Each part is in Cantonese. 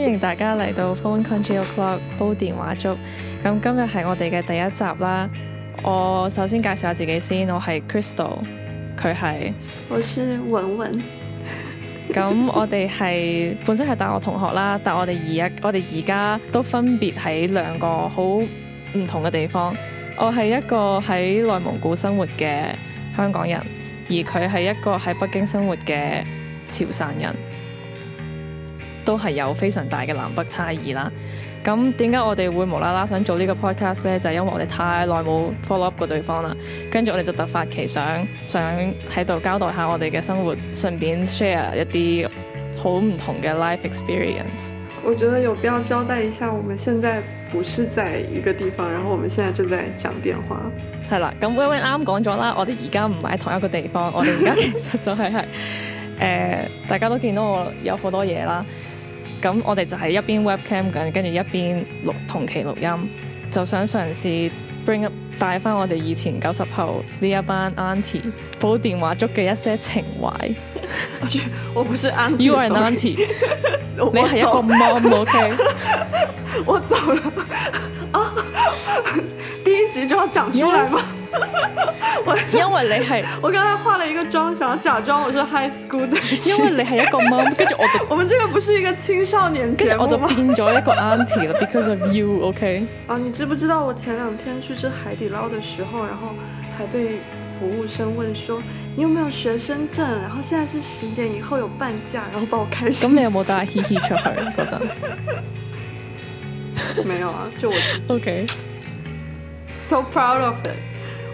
歡迎大家嚟到 Phone Congee o'clock 煲電話粥。咁今日係我哋嘅第一集啦。我首先介紹下自己先，我係 Crystal，佢係，我是文文。咁 我哋係本身係大學同學啦，但我哋而一我哋而家都分別喺兩個好唔同嘅地方。我係一個喺內蒙古生活嘅香港人，而佢係一個喺北京生活嘅潮汕人。都係有非常大嘅南北差異啦。咁點解我哋會無啦啦想做呢個 podcast 呢？就係、是、因為我哋太耐冇 follow up 過對方啦。跟住我哋就突發奇想，想喺度交代下我哋嘅生活，順便 share 一啲好唔同嘅 life experience。我覺得有必要交代一下，我們現在不是在一個地方，然後我們現在正在講電話。係啦，咁 Wenwen 啱講咗啦，說了我哋而家唔喺同一個地方，我哋而家其實就係、是、係、 呃、大家都見到我有好多嘢啦。咁我哋就係一邊 webcam 緊，跟住一邊錄同期錄音，就想嘗試 bring up 帶翻我哋以前九十後呢一班 auntie 煲電話粥嘅一些情懷。我唔係 auntie，You are an auntie，你係一個 mom，OK？我走啦。啊！第一集就要講出嚟？ 我因為你，是，我剛才化了一個妝，想要假裝我是 high school 的，因為你是一個 mom 跟着我就， 我們這個不是一個青少年節目嗎？跟着我就變咗一個 auntie 了，because of you，OK？Okay？啊，你知不知道我前兩天去吃海底撈的時候，然後還被服務生問說你有沒有學生證？然後現在是十點以後有半價，然後幫我開始。咁 你有冇帶嘻嘻出去嗰陣？ 沒有，啊，就我 OK。So proud of it.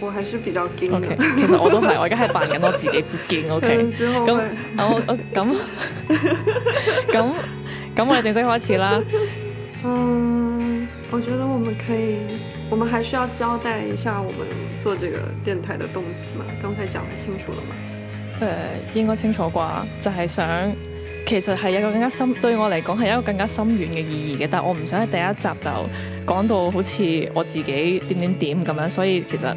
我還是比較驚。O K，其實我都係， 我而家係扮緊我自己不驚。O K，咁，我咁咁咁，我哋正式開始啦。嗯，我覺得我們可以，我們還需要交代一下我們做這個電台的動機嘛？剛才講得清楚了嗎？誒、呃，應該清楚啩，就係、是、想，其實係一個更加深，對我嚟講係一個更加深遠嘅意義嘅，但我唔想喺第一集就講到好似我自己點點點咁樣，所以其實。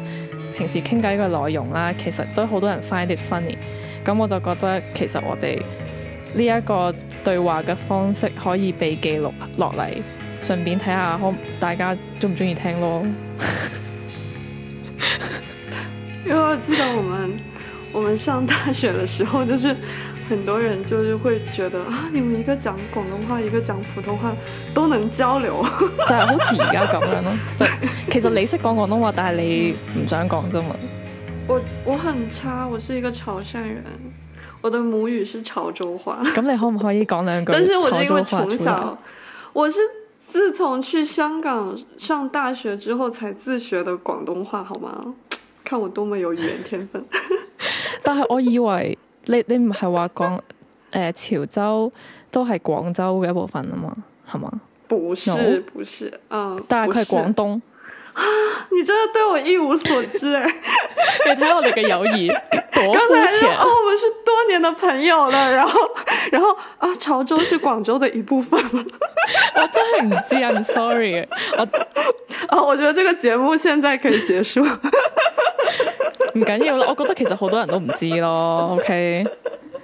平時傾偈嘅內容啦，其實都好多人 find it funny，咁我就覺得其實我哋呢一個對話嘅方式可以被記錄落嚟，順便睇下可大家鍾唔鍾意聽咯。 因為我記得我們，我們上大學嘅時候就是。很多人就是會覺得啊，你們一個講廣東話，一個講普通話，都能交流。 就好在好似而家咁樣囉。對， 其實你識講廣東話， 但係你唔想講啫嘛。我我很差，我是一個潮汕人，我的母語是潮州話。咁 你可唔可以講兩句？但是我就因為從小，我是自從去香港上大學之後才自學的廣東話，好嗎？看我多麼有語言天分。 但係我以為。你你唔係話講誒潮州都係廣州嘅一部分啊嘛，係嘛？不是，不是啊。但係佢係廣東、啊、你真係對我一無所知，哎！ 你睇我哋嘅友誼，多膚淺。哦，我們是多年的朋友了，然後，然後啊，潮州是廣州的一部分。 我真係唔知，I'm sorry。啊，我覺得這個節目現在可以結束。 唔緊要啦，我覺得其實好多人都唔知咯 ，OK。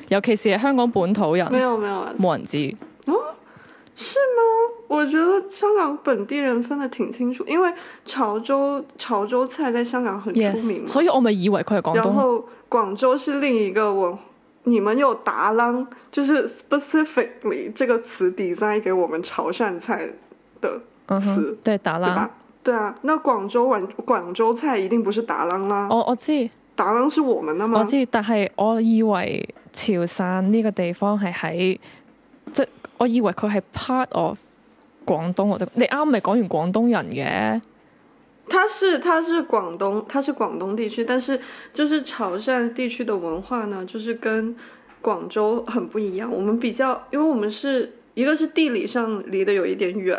尤其是係香港本土人，有冇、啊、人知？哦，是嗎？我覺得香港本地人分得挺清楚，因為潮州潮州菜在香港很出名，yes, 所以我咪以為佢係廣東。然後廣州是另一個我，你們有打冷，就是 specifically 這個詞底在給我們潮汕菜的詞，uh -huh, 對打冷。對啊，那廣州廣廣州菜一定不是打冷啦。我我知，打冷是我們的嘛，我知，但係我以為潮汕呢個地方係喺，即我以為佢係 part of 廣東。我你啱啱咪講完廣東人嘅？他是他是廣東，他是廣東地區，但是就是潮汕地區的文化呢，就是跟廣州很不一樣。我們比較，因為我們是一個是地理上離得有一點遠。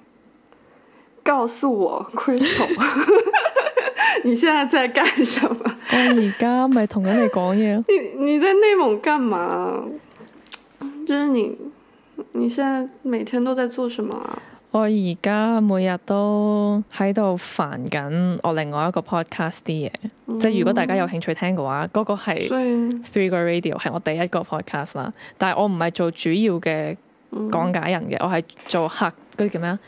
告訴我 Crystal， 你現在在幹什麼？ 我而家咪同緊你講嘢咯。你你在內蒙幹嗎？就是你，你現在每天都在做什麼啊？我而家每日都喺度煩緊我另外一個 podcast 啲嘢，嗯，即係如果大家有興趣聽嘅話，嗰、那個係 3GOY RADIO 係我第一個 podcast 啦。但係我唔係做主要嘅講解人嘅，嗯，我係做客嗰啲叫咩啊？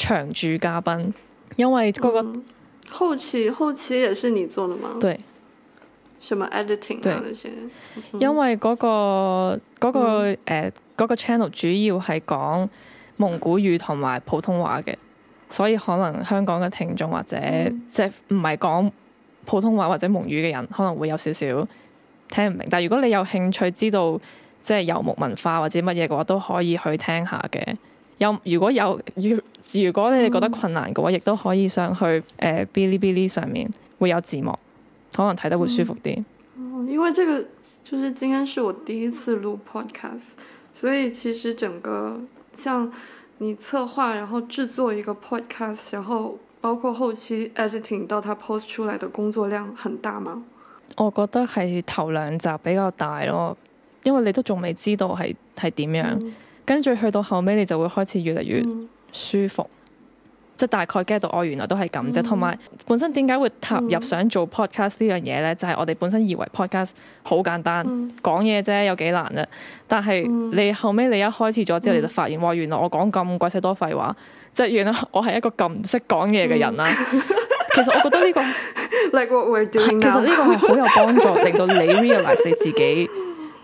常駐嘉賓，因為嗰、那個、嗯、後期後期也是你做的嗎？對，什麼 editing 啊那些？因為嗰、那個嗰、那個誒、嗯呃那個 channel 主要係講蒙古語同埋普通話嘅，所以可能香港嘅聽眾或者即係唔係講普通話或者蒙語嘅人，可能會有少少聽唔明。但如果你有興趣知道即係游牧文化或者乜嘢嘅話，都可以去聽下嘅。有如果有如果你哋覺得困難嘅話，亦、嗯、都可以上去誒、呃、Bilibili 上面會有字幕，可能睇得會舒服啲、嗯。因為這個就是今天是我第一次錄 podcast，所以其實整個像你策劃，然後製作一個 podcast，然後包括後期 editing 到他 post 出來的工作量很大嗎？我覺得係頭兩集比較大咯，因為你都仲未知道係係點樣。嗯。跟住去到後尾，你就會開始越嚟越舒服。嗯、即係大概 get 到，我原來都係咁啫。同、嗯、埋本身點解會踏入想做 podcast 呢樣嘢呢？就係、是、我哋本身以為 podcast 好簡單，講嘢啫，有幾難啊！但係你後尾你一開始咗之後，你就發現哇，原來我講咁鬼死多廢話，即係原來我係一個咁唔識講嘢嘅人啦。嗯、 其實我覺得呢、這個 l、like what we're doing、其實呢個係好有幫助， 令到你 realize 你自己。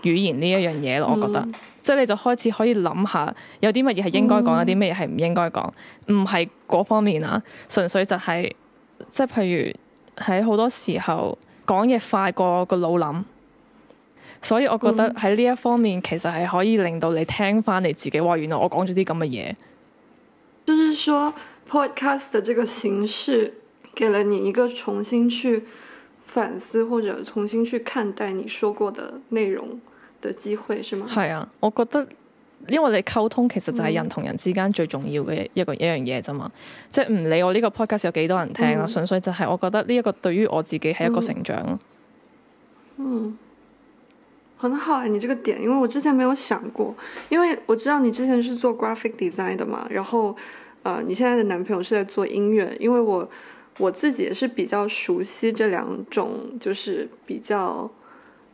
語言呢一樣嘢咯，我覺得，嗯、即係你就開始可以諗下有啲乜嘢係應該講，有啲乜嘢係唔應該講，唔係嗰方面啊，純粹就係、是、即係譬如喺好多時候講嘢快過個腦諗，所以我覺得喺呢一方面、嗯、其實係可以令到你聽翻你自己話，原來我講咗啲咁嘅嘢。就是說 podcast 的這個形式，給了你一個重新去反思或者重新去看待你說過的內容的機會是嗎？係啊，我覺得，因為你溝通其實就係人同人之間最重要嘅一個、嗯、一樣嘢啫嘛，即係唔理我呢個 podcast 有幾多人聽啊，純、嗯、粹就係我覺得呢一個對於我自己係一個成長。嗯，嗯，很好啊，你這個點，因為我之前沒有想過，因為我知道你之前係做 graphic design 的嘛，然後，呃，你現在的男朋友是在做音樂，因為我我自己也是比較熟悉這兩種，就是比較。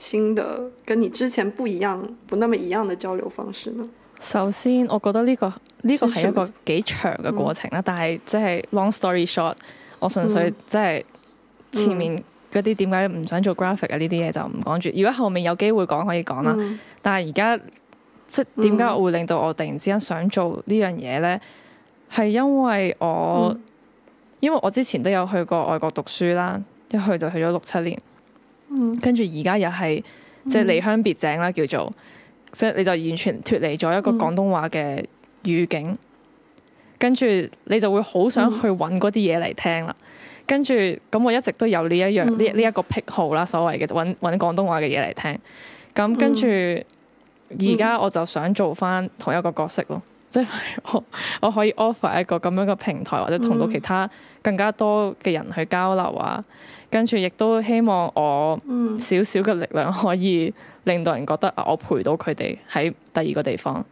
新的跟你之前不一樣，不那麼一樣的交流方式呢？首先，我覺得呢、呢個呢、呢個係一個幾長嘅過程啦。但係即係 long story short，、嗯、我純粹即係前面啲點解唔想做 graphic 啊呢啲嘢就唔講住。如果後面有機會講可以講啦、嗯。但係而家即係點解會令到我突然之間想做這件事呢樣嘢咧？係因為我、嗯、因為我之前都有去過外國讀書啦，一去就去咗六七年。跟住而家又係即係離鄉別井啦、嗯，叫做即係、就是、你就完全脫離咗一個廣東話嘅語境，跟、嗯、住你就會好想去揾嗰啲嘢嚟聽啦。跟住咁，我一直都有呢一樣呢呢一個癖好啦，所謂嘅揾揾廣東話嘅嘢嚟聽。咁跟住而家我就想做翻同一個角色咯。即係我我可以 offer 一個咁樣嘅平台，或者同到其他更加多嘅人去交流啊，嗯。跟住亦都希望我少少嘅力量可以令到人覺得我陪到佢哋喺第二個地方。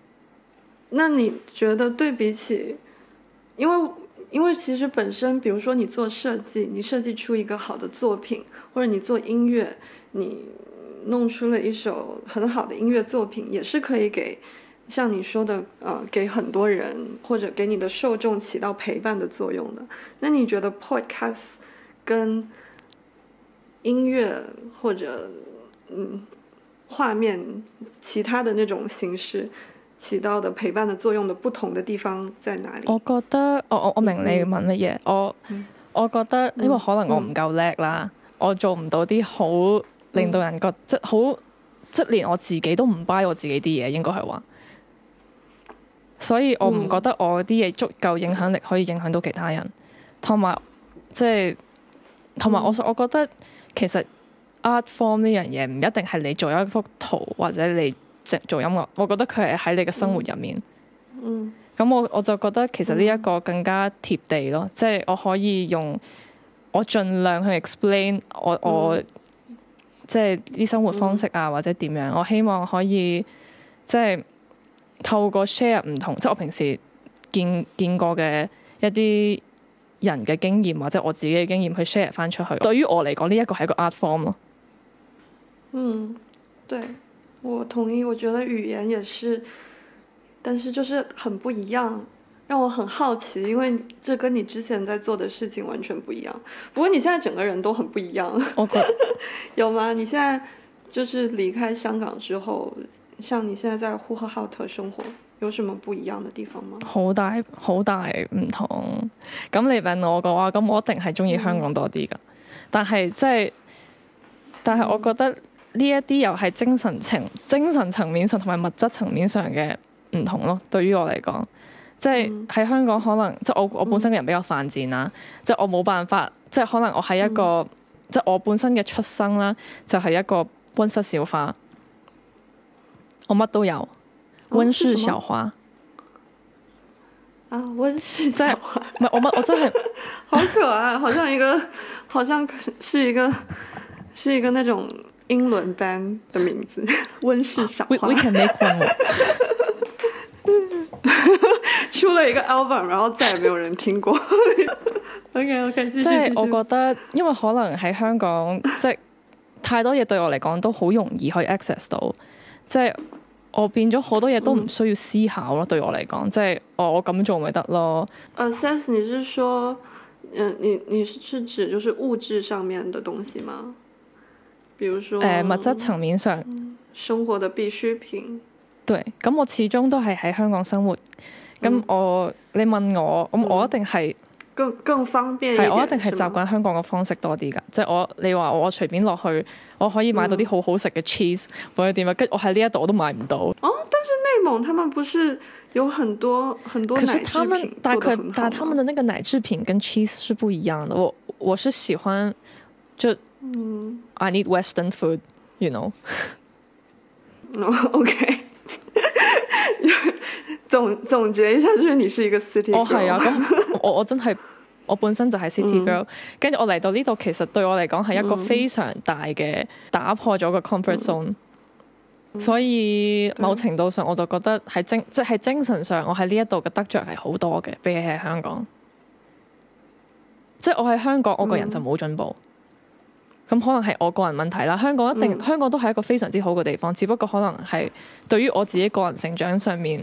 那你覺得對比起，因為因為其實本身，比如說你做設計，你設計出一個好的作品，或者你做音樂，你弄出了一首很好的音樂作品，也是可以給。像你說的，呃，給很多人或者給你的受眾起到陪伴的作用的。那你覺得 podcast 跟音樂或者嗯，畫面其他的那種形式起到的陪伴的作用的不同的地方在哪裏？我覺得我我我明你問乜嘢、嗯，我我覺得因為可能我唔夠叻啦，我做唔到啲好令到人覺得、嗯、即好即係連我自己都唔 buy 我自己啲嘢，應該係話。所以我唔覺得我啲嘢足夠影響力可以影響到其他人，同埋即係同埋我我覺得其實 art form 呢樣嘢唔一定係你做一幅圖或者你直做音樂，我覺得佢係喺你嘅生活入面。嗯。咁我我就覺得其實呢一個更加貼地咯，即係我可以用我盡量去 explain 我、嗯、我即係啲生活方式啊或者點樣，我希望可以即係。就是透過 share 唔同，即係我平時見見過嘅一啲人嘅經驗，或者我自己嘅經驗去 share 翻出去。對於我嚟講，呢一個係一個 art form 咯。嗯，對，我同意。我覺得語言也是，但是就是很不一樣，讓我很好奇，因為這跟你之前在做的事情完全不一樣。不過你現在整個人都很不一樣。OK， 有嗎？你現在就是離開香港之後。像你現在在呼和浩特生活，有什麼不一樣的地方嗎？好大好大唔同。咁你問我嘅話，咁我一定係中意香港多啲噶、嗯。但係即係，但係我覺得呢一啲又係精神層、精神層面上同埋物質層面上嘅唔同咯。對於我嚟講，即係喺香港可能、嗯、即係我我本身嘅人比較犯賤啦、嗯，即係我冇辦法，即係可能我係一個、嗯、即係我本身嘅出生啦，就係一個溫室小花。我乜都有溫室小花、哦、啊！溫室小唔沒、就是、我乜，我真係 好可愛，好像一個好像是一個是一個那種英倫班嘅名字，溫室小花。 We, we can make one. 出了一個 album，然後再也沒有人聽過。 OK OK，繼續、即係、就是、我覺得，因為可能喺香港，即、就、係、是、太多嘢對我嚟講都好容易可以 access 到，即、就、係、是。我變咗好多嘢都唔需要思考咯，嗯，對我嚟講，即、就、係、是哦、我我咁做咪得咯。誒、呃、Sas，你是說，誒，你你是指就是物質上面嘅東西嗎？比如說誒、呃，物質層面上、嗯、生活的必需品。對，咁我始終都係喺香港生活，咁我你問我，咁我一定係。嗯更更方便係，我一定係習慣香港嘅方式多啲㗎。即係我，你話我隨便落去，我可以買到啲好好食嘅 cheese 或者點啊。跟、嗯、住我喺呢一度都買唔到。哦，但是內蒙佢哋唔係有很多很多奶製品，可是他們，但係但係佢哋嘅奶製品跟 cheese 係唔一樣嘅。我我是喜歡就、嗯、，I need Western food，you know？OK、嗯。Okay. 總總結一下，就你是一個 city girl 哦。哦係啊，咁我我真係我本身就係 city girl，跟、嗯、住我嚟到呢度，其實對我嚟講係一個非常大嘅打破咗個 comfort zone、嗯嗯。所以某程度上，我就覺得喺精即係精神上，我喺呢一度嘅得着係好多嘅，比起喺香港。即係我喺香港，我個人就冇進步。咁、嗯、可能係我個人問題啦。香港一定，嗯、香港都係一個非常之好嘅地方，只不過可能係對於我自己個人成長上面。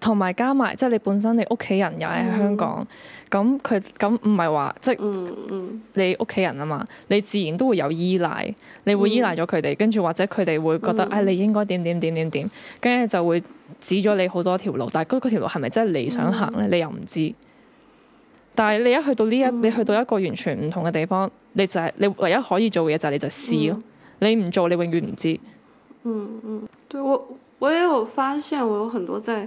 同埋加埋，即係你本身你屋企人又喺香港，咁佢咁唔係話即係你屋企人啊嘛、嗯嗯，你自然都會有依賴，你會依賴咗佢哋，跟、嗯、住或者佢哋會覺得誒、嗯哎，你應該點點點點點，跟住就會指咗你好多條路，但係嗰條路係咪真係你想行呢？嗯、你又唔知。但係你一去到呢一、嗯，你去到一個完全唔同嘅地方，你就係、是、你唯一可以做嘅嘢就係你就試咯、嗯，你唔做你永遠唔知。嗯嗯，對，我我有發現，我有很多在。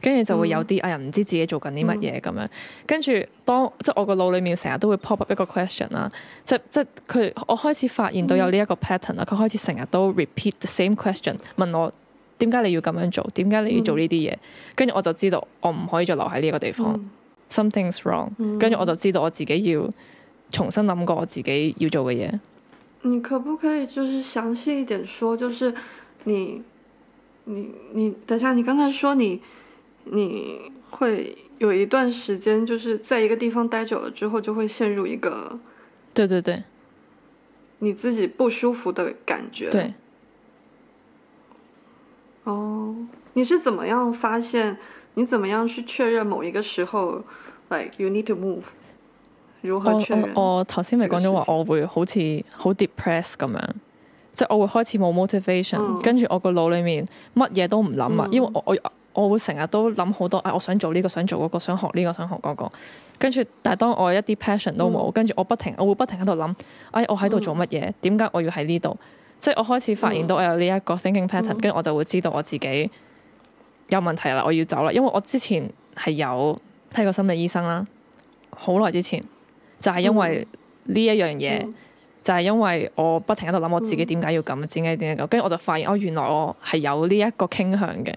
跟住就會有啲、嗯、哎呀，唔知自己做緊啲乜嘢咁樣。跟住當即係我個腦裏面成日都會 pop up 一個 question 啦，即即佢我開始發現到有呢一個 pattern 啦，佢、嗯、開始成日都 repeat the same question 問我，點解你要咁樣做？點解你要做呢啲嘢？跟住我就知道我唔可以再留喺呢個地方、嗯、something's wrong。跟住我就知道我自己要重新諗過我自己要做嘅嘢。你可唔可以就是詳細一點說，就是你你你，你等下你剛才說你？你會有一段時間，就是在一個地方待久了之後，就會陷入一個，對對對，你自己不舒服的感覺。對，對，對。哦，oh，你是怎麼樣發現？你怎麼樣去確認某一個時候，like you need to move？如何確認？我我我頭先咪講咗話，我會好似好 depressed 咁樣，即係我會開始冇 motivation，oh. 跟住我個腦裏面乜嘢都唔諗啊，oh. 因為我我。我會成日都諗好多啊，哎，我想做呢個，想做嗰個，想學呢個，想學嗰個。跟住，但係當我一啲 passion 都冇，嗯，跟住我不停，我會不停喺度諗啊！我喺度做乜嘢？點解我要喺呢度？即係我開始發現到我有呢一個 thinking pattern，嗯，跟住我就會知道我自己有問題啦，我要走啦。因為我之前係有睇過心理醫生啦，好耐之前就係因為呢一樣嘢，就係因為我不停喺度諗我自己點解要咁，點解點解咁，跟住我就發現哦，原來我係有呢一個傾向嘅。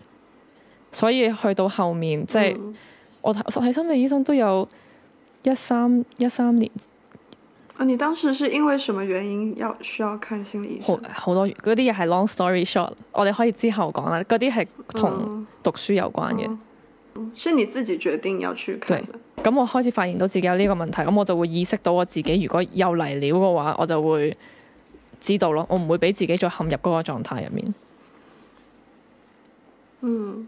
所以去到後面，即係、嗯、我睇心理醫生都有一三一三年啊。你當時是因為什麼原因要需要看心理醫生？好多嗰啲嘢係 long story short，我哋可以之後講啦。嗰啲係同讀書有關嘅、嗯哦，是你自己決定要去看嘅。咁我開始發現到自己有呢個問題，咁我就會意識到我自己。如果又嚟了嘅話，我就會知道咯。我唔會俾自己再陷入嗰個狀態入面。嗯。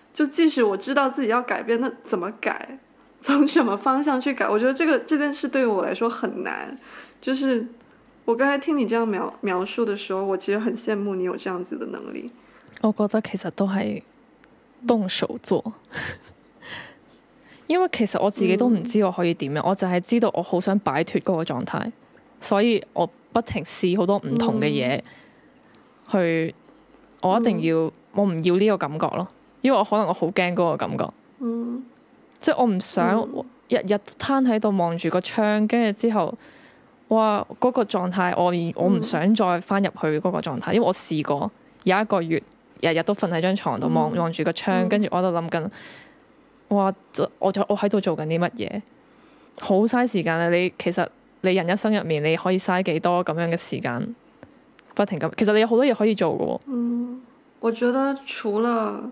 就即使我知道自己要改變，那怎麼改？從什麼方向去改？我覺得這個這件事對於我來說很難。就是我剛才聽你這樣描描述的時候，我其實很羨慕你有這樣子的能力。我覺得其實都係動手做， 因為其實我自己都唔知我可以點樣、嗯，我就係知道我好想擺脫嗰個狀態，所以我不停試好多唔同嘅嘢，去、嗯、我一定要，我唔要呢個感覺咯。因為我可能我好驚嗰個感覺，嗯、即係我唔想日日攤喺度望住個窗，跟住之後，哇嗰、嗰個狀態我我唔想再翻入去嗰個狀態、嗯，因為我試過有一個月日日都瞓喺張床度望望住個窗，跟住我就諗緊，哇！我就我喺度做緊啲乜嘢？好嘥時間啊！你其實你人一生入面你可以嘥幾多咁樣嘅時間？不停咁，其實你有好多嘢可以做嘅喎、嗯。我覺得除了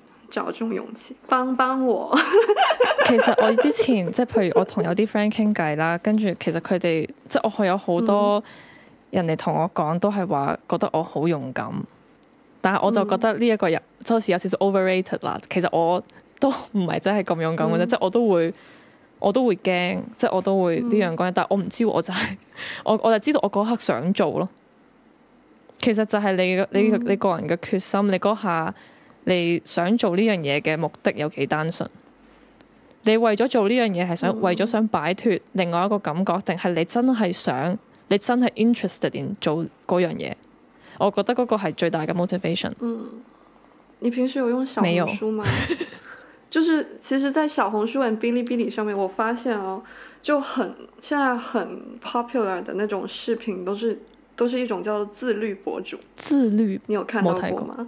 找中種勇氣，幫幫我。 其實我之前即係，譬如我同有啲 friend 傾偈啦，跟住其實佢哋即係我係有好多人哋同我講，都係話覺得我好勇敢。嗯、但係我就覺得呢一個人即好似有少少 overrated 啦。其實我都唔係真係咁勇敢嘅啫、嗯，即係我都會，我都會驚，即係我都會呢樣講嘢、嗯。但係我唔知，我就係、是、我我就知道我嗰刻想做咯。其實就係你個你、嗯、你個人嘅決心，你嗰下。你想做呢樣嘢嘅目的有幾單純？你為咗做呢樣嘢係想、嗯、為咗想擺脫另外一個感覺，定係你真係想你真係 interested in 做嗰樣嘢？我覺得嗰個係最大嘅 motivation、嗯。你平時有用小紅書嗎？ 就是其實在小紅書跟 Bilibili 上面，我發現哦，就很現在很 popular 的那種視頻，都是都是一種叫做自律博主。自律，你有看到過嗎？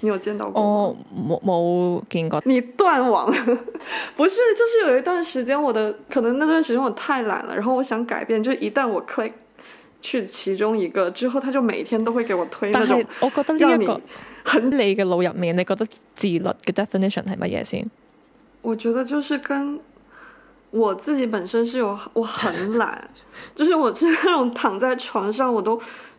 你有見到過？我冇冇見過。你斷網， 不是，就是有一段時間我的可能那段時間我太懶了，然後我想改變，就一旦我 click 去其中一個之後，他就每天都會給我推那種，讓你很累。你嘅腦入面，你覺得自律嘅 definition 係乜嘢先？我覺得就是跟我自己本身是有，我很懶， 就是我就是那種躺在床上我都。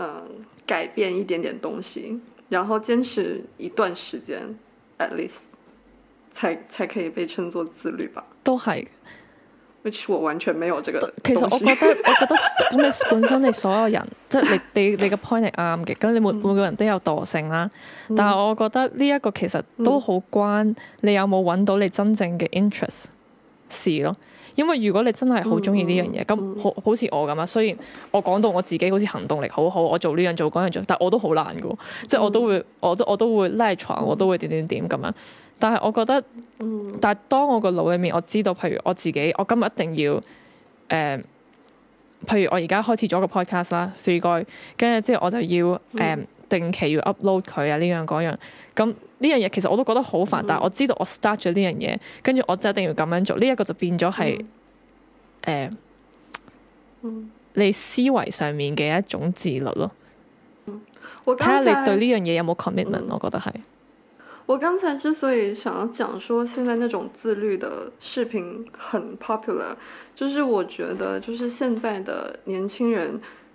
嗯、改變一點點東西，然後堅持一段時間、嗯、，at least，才才可以被稱作自律吧。都係，which 我完全沒有這個。其實我覺得，我覺得咁你 本身你所有人， 即係你你你個 point 係啱嘅。咁你每 每個人都有惰性啦、嗯，但係我覺得呢一個其實都好關、嗯、你有冇搵到你真正嘅 interest。事咯，因為如果你真係、嗯、好中意呢樣嘢，咁好好似我咁啊。雖然我講到我自己好似行動力好好，我做呢樣做嗰樣做，但我都好難㗎、嗯，即係我都會，我都我都會賴牀，我都會點點點咁樣。但係我覺得，但係當我個腦裏面我知道，譬如我自己，我今日一定要誒、呃，譬如我而家開始咗個 podcast 啦，3GOY，跟住之後我就要誒。呃嗯定期要 upload 佢啊呢樣嗰樣，咁呢樣嘢其實我都覺得好煩、嗯，但係我知道我 start 咗呢樣嘢，跟住我就一定要咁樣做，呢一個就變咗係誒，你思維上面嘅一種自律咯。看看你有有嗯，我睇下你對呢樣嘢有冇 commitment，我覺得係。我剛才之所以想要講說，現在那種自律的視頻很 popular，就是我覺得就是現在的年輕人。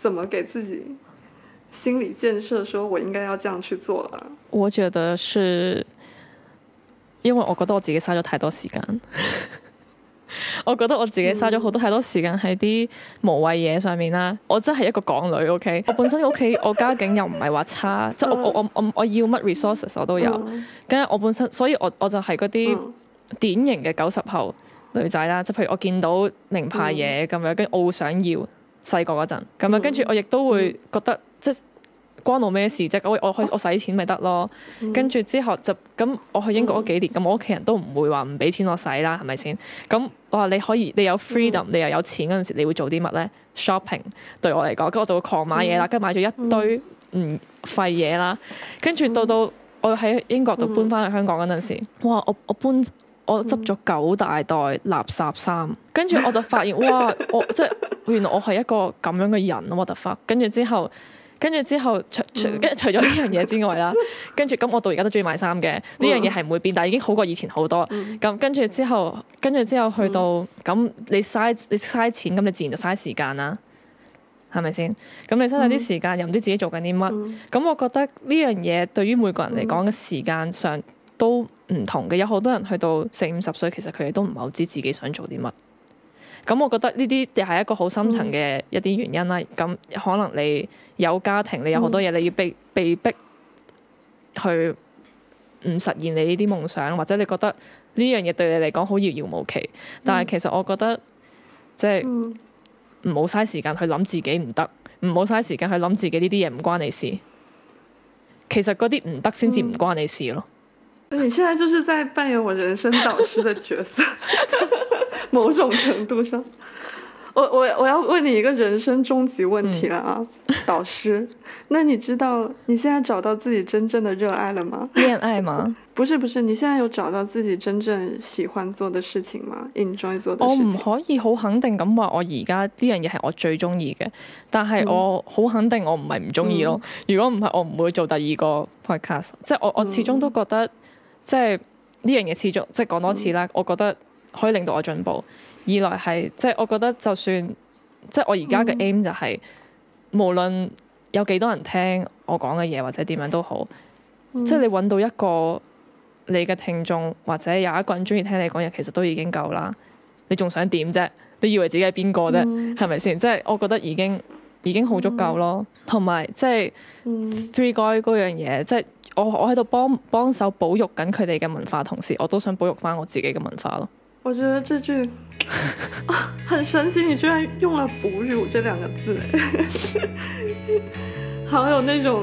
怎麼給自己心理建設？說我應該要這樣去做了。我覺得是因為我覺得我自己嘥咗太多時間 ，我覺得我自己嘥咗好多太多時間喺啲無謂嘢上面啦、嗯。我真係一個港女，OK。Okay? 我本身屋企我家境又唔係話差， 即係我我我我要乜 resources 我都有。跟、嗯、住我本身，所以我我就係嗰啲典型嘅九十後女仔啦。即、嗯、譬如我見到名牌嘢咁、嗯、樣，跟住我會想要。細個嗰陣咁啊，跟住我亦都會覺得即係關我咩事啫？我我我使錢咪得咯。跟住之後就咁，我去英國嗰幾年，咁我屋企人都唔會話唔俾錢我使啦，係咪先？咁我話你可以，你有 freedom，你又有錢嗰陣時，你會做啲乜咧？shopping 對我嚟講，跟住我就會狂買嘢啦，跟住買咗一堆唔廢嘢啦。跟住到到我喺英國度搬翻去香港嗰陣時，哇！我我搬。我執咗九大袋垃圾衫，跟、嗯、住我就發現 哇！我即係原來我係一個咁樣嘅人，我突然發。跟住之後，跟住之後，除除跟、嗯、除咗呢樣嘢之外啦，跟住咁我到而家都中意買衫嘅。呢樣嘢係唔會變，但係已經好過以前好多。咁跟住之後，跟住之後去到咁、嗯，你嘥你嘥錢，咁你自然就嘥時間啦，係咪先？咁你嘥曬啲時間、嗯，又唔知自己做緊啲乜。咁、嗯、我覺得呢樣嘢對於每個人嚟講嘅時間上。都唔同嘅，有好多人去到四五十歲，其實佢哋都唔係好知自己想做啲乜。咁我覺得呢啲又係一個好深層嘅一啲原因啦。咁、嗯、可能你有家庭，你有好多嘢，你要被被逼去唔實現你呢啲夢想，或者你覺得呢樣嘢對你嚟講好遙遙無期。但係其實我覺得即係唔好嘥時間去諗自己唔得，唔好嘥時間去諗自己呢啲嘢唔關你事。其實嗰啲唔得先至唔關你事咯。嗯你現在就是在扮演我人生導師的角色， 某種程度上，我我我要問你一個人生終極問題了啊、嗯，導師，那你知道你現在找到自己真正的熱愛了嗎？戀愛嗎？不是不是，你現在有找到自己真正喜歡做的事情嗎？Enjoy 做的事情？我唔可以好肯定咁話，我而家呢樣嘢係我最中意嘅，但係我好肯定我唔係唔中意咯。如果唔係，我唔會做第二個 podcast，即係我我始終都覺得。即係呢樣嘢，持續即係講多次啦。我覺得可以令到我進步。二、嗯、來係即係我覺得，就算即係我而家嘅 aim 就係、是嗯、無論有幾多人聽我講嘅嘢，或者點樣都好，嗯、即係你揾到一個你嘅聽眾，或者有一個人中意聽你講嘢，其實都已經夠啦。你仲想點啫？你以為自己係邊個啫？係咪先？即係我覺得已經。已經好足夠咯，同埋即係 three guy 嗰樣嘢，即係、嗯、我我喺度幫幫手保育緊佢哋嘅文化同，同時我都想保育翻我自己嘅文化咯。我覺得這句、 哦、很神奇，你居然用了保育這兩個字， 好有那種，